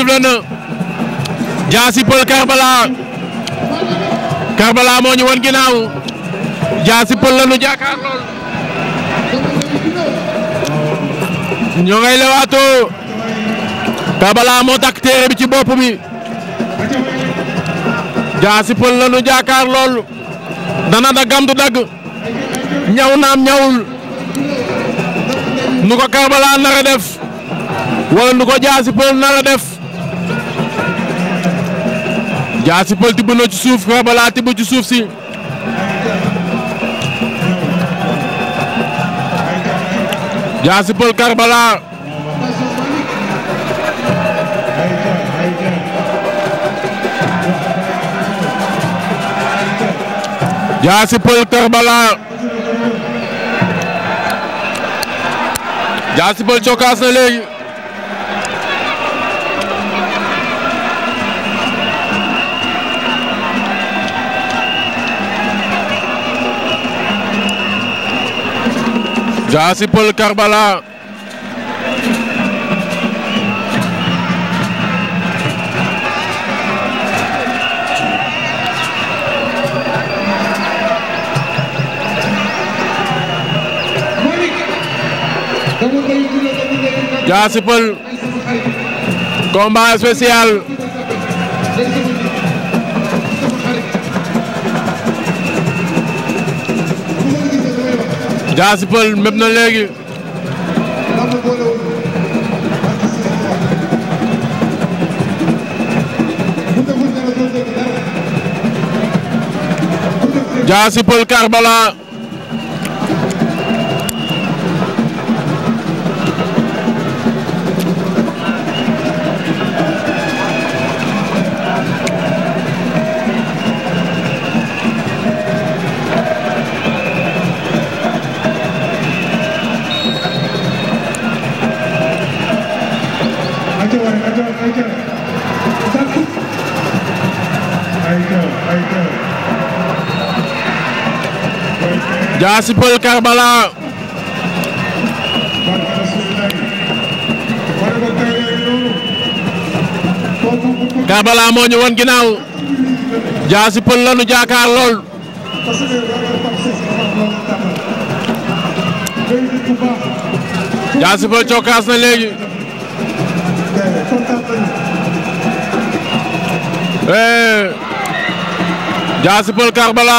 sifle na Diassy Peulh moo ñu won ginnaaw Diassy Peulh la ñu jàkkaar lool ñoo ngay lewaatoo Karbala moo takk téere bi ci bopp bi Diassy Peulh la ñu jàkkaar lool dana daggam du dagg ñaw naam ñawul nu ko Karbala nara def wala nu ko Diassy Peulh nara def jaasi pël tibb na ci suuf Rebeulas tibb ci suuf jaasi pël Karbala jaasi pël Karbala na léegi Jaasi Pël Karbala Jaasi Pël combat spécial Jaasi Pël méb na léegi Jaasi Pël Karbala Diassy Peulh Karbala Karbala moo ñu woon ginnaaw Diassy Peulh la nu jaakaar lool Diassy Peulh cokkaas na léegi Diassy eh. Peulh Karbala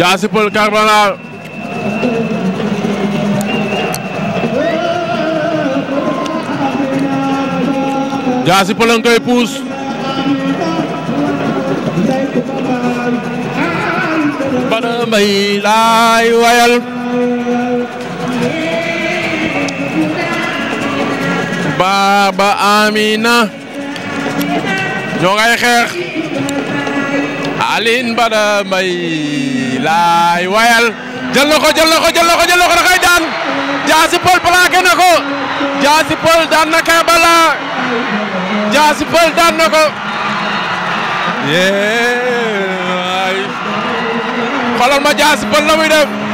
Diassy Peulh Karbala Diassy Peulh nga koy puus bada mbay laay wayal Baba Amina ñoo ngay xeex Alioune Bada Mbaye laay wayal jël na ko jël na ko jël na ko da koy daan Diassy Peulh plaqué na ko Diassy daan na Karbala Diassy Peulh daan na ko yee waay ma Diassy Peulh la muy def